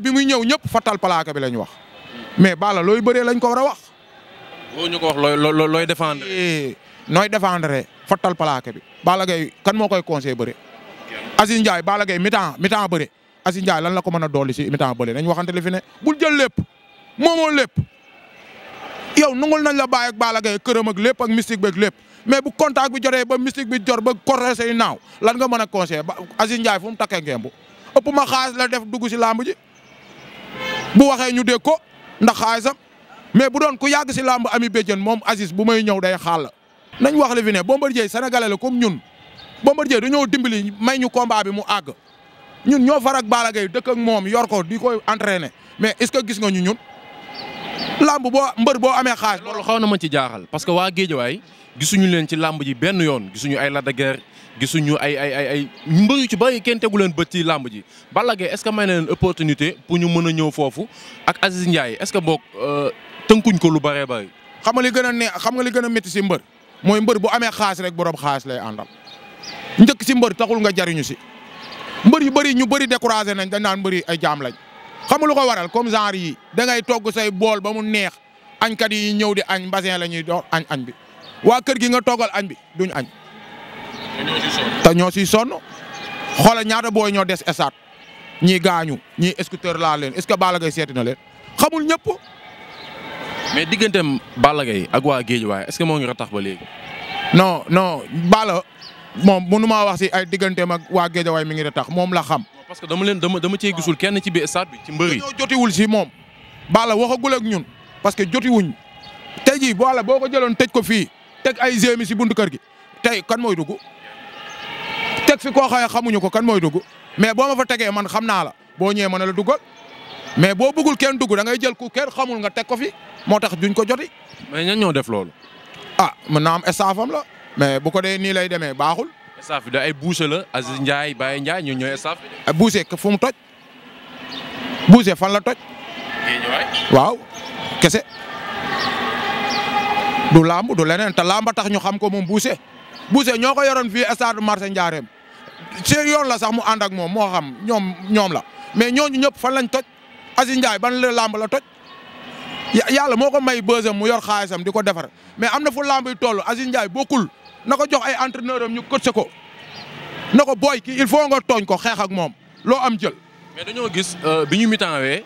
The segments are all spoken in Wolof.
tey bi muy ñëw ñëpp fatal plaaka bi la ñu wax mais Balla looy bëree lañ ko war a wax. ñu ko wax looy looy défendre. Eh, nooy défendre fatal plaaka bi. Balla Gaye kan moo koy conseil bëri. Aziz Ndiaye Balla Gaye mi-temps mi-temps lan la ko mën a dolli si mi-temps bëri nañ waxante li fi ne bul jël lépp moomoo lépp. yow nungul nañ la bàyyi bala Balla Gaye a ak lépp ak be beeg lépp mais bu contact bi jotee ba mystique bi jor ba corrosé naaw lan nga mën a conseillé ba Aziz Ndiaye fu mu takkee ngemb ëpp ma xaalis la def dugg bu waxee ñu dégg ko ndax xaalisam mais bu doon ku yàgg si làmb ami béjjën moom Aziz bu may ñëw day xaal nañ wax li fi ne Bombardier sénégalais la comme ñun Bombardier ñëw dimbali may ñu combat bi mu àgg ñun ñoo far ak Balla Gaye dëkk ak moom yor ko di koy entraîner mais est-ce que gis nga ñu ñun. làmb boo mbër boo amee xaalis. loolu xaw na ma ci jaaxal parce que waa Géejawaay gisuñu leen ci làmb ji benn yoon gisuñu ay la de Guiers gisuñu ay ay ay ay mbër yu ci bari kenn tegu leen bët ci làmb ji Balla est-ce que may na leen opportunité pour ñu mën a ñëw foofu ak Aziz Ndiaye est-ce que boog euh, tënkuñ ko lu bëree bëri. xam nga li gën a ne xam li gën a métti si mbër mooy mbër bu amee xaalis rek borom xaalis lay àndal njëkk si mbër taxul nga jariñu si mbër yu bëri ñu bëri découragé nañ dañ naan mbër ay jaam xam lu ko waral comme genre yi da ngay togg say bool ba mu neex añkat yi ñëw di añ mbasin la ñuy doon añ añ bi waa kër gi nga toggal añ bi duñ añ. te ñoo si sonn xoolal ñaata booy ñoo des esaat ñii gaañu ñii scooter laa leen est ce que Balla Gaye seeti na leen xamul ñëpp. mais digganteem Balla Gaye ak waa Géejawaay est ce que moo ngi ba léegi. moom mënu maa wax si ay digganteem ak waa Guédiawaye mi ngi da tax moom la xam. parce que dama leen dama dama cee gisul kenn ci biir stade bi ci mbër yi. ñoo si moom. Balla waxagul ak ñun parce que jotiwuñ tey jii Balla boo ko jëloon tëj ko fii teg ay gémi si buntu kër gi tey kan mooy dugg teg fi koo xaye xamuñu ko kan mooy dugg mais boo ma fa tegee man xam naa la boo ñëwee man ne la duggal mais boo bëggul kenn dugg da ngay jël ku kenn xamul nga teg ko fi moo tax duñ ko joti. mais ñan ñoo def loolu. ah mën naa am estafam la. mais bu ko dee nii lay demee baaxul. staff ay boucher la Aziz Ndiaye Baye Ndiaye ñoo ñooy staff bi. Ah, boucher fu mu toj boucher fan la toj. waaw kese du lamb du leneen te lamba tax ñu xam ko moom boucher. boucher ñoo ko yoroon fii stade marché Ndiarème ci yoon la sax mu ànd ak moom moo xam ñoom ñoom la mais ñooñu ñëpp fan lañ toj Aziz Ndiaye ban la lamb la toj. yàlla moo ko may bësam mu yor xaalisam di ko defar mais am na fu lamb yi toll Aziz Ndiaye bokkul. na ko jox ay entraîneur am ñu coaché ko na ko booy kii il faut nga tooñ ko xeex ak moom loo am jël. mais dañoo gis euh, bi ñu mitaawee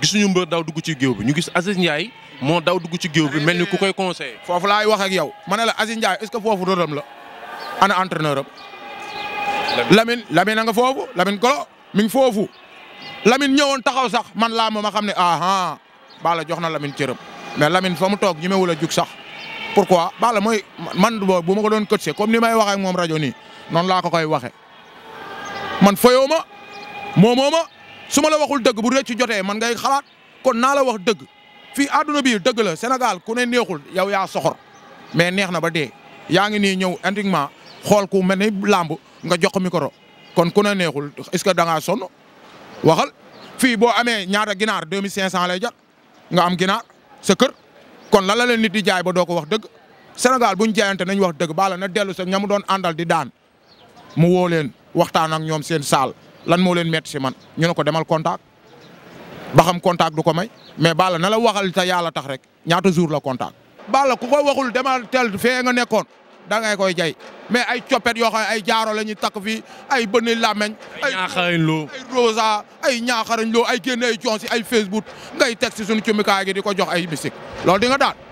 gisuñu mbër daw dugg ci géew bi ñu gis Aziz Ndiaye moo daw dugg ci giw bi mel ni ku koy conseillé. foofu laay wax ak yow ma ne la Aziz Ndiaye est ce que foofu rëram la ana entraîneur am. Lamine Lamine a nga foofu Lamine Golo min foofu lamin ñëwoon taxaw sax man laa ma xam ne ah ah Balla jox na Lamine cëram mais lamin fa mu toog ñemewul a jug sax. pourquoi Balla mooy man boobu bu ma ko doon coacher comme ni may waxee ak moom rajo nii laa ko koy waxe man fayoo ma moomoo ma su ma la waxul dëgg bu rëcc jotee man ngay xalaat kon naa la wax dëgg fii àdduna bi dëgg la Sénégal ku ne neexul yow yaa soxor mais neex na ba dee yaa ngi ni ñëw indiquement xool ku mel ni lamb nga jox mi koro kon ku ne neexul est-ce que da ngaa sonn waxal fii boo amee ñaata ginaar 2500 lay jar nga am ginaar sa kon lan la leen nit di jaay ba doo ko wax dëgg Sénégal buñ jaayante nañ wax dëgg bala na dellu sa ña mu doon àndal di daan mu woo leen waxtaan ak ñoom seen saal lan moo leen métti man ñu ne ko demal contact ba xam contact du ko may mais bala na la waxal ta yàlla tax rek ñaata jour la contact. bala ku ko waxul demal tel fee nga nekkoon. da ngay koy jay mais ay coppet yoo xam ne ay jaaro la ñuy takk fii ay bënni làmmeñ ay ñaaxarañ loo ay rosa ay ñaaxarañ loo ay génne ay coons ay facebook ngay teg si suñu cumikaay gi di ko jox ay misik loolu di nga daan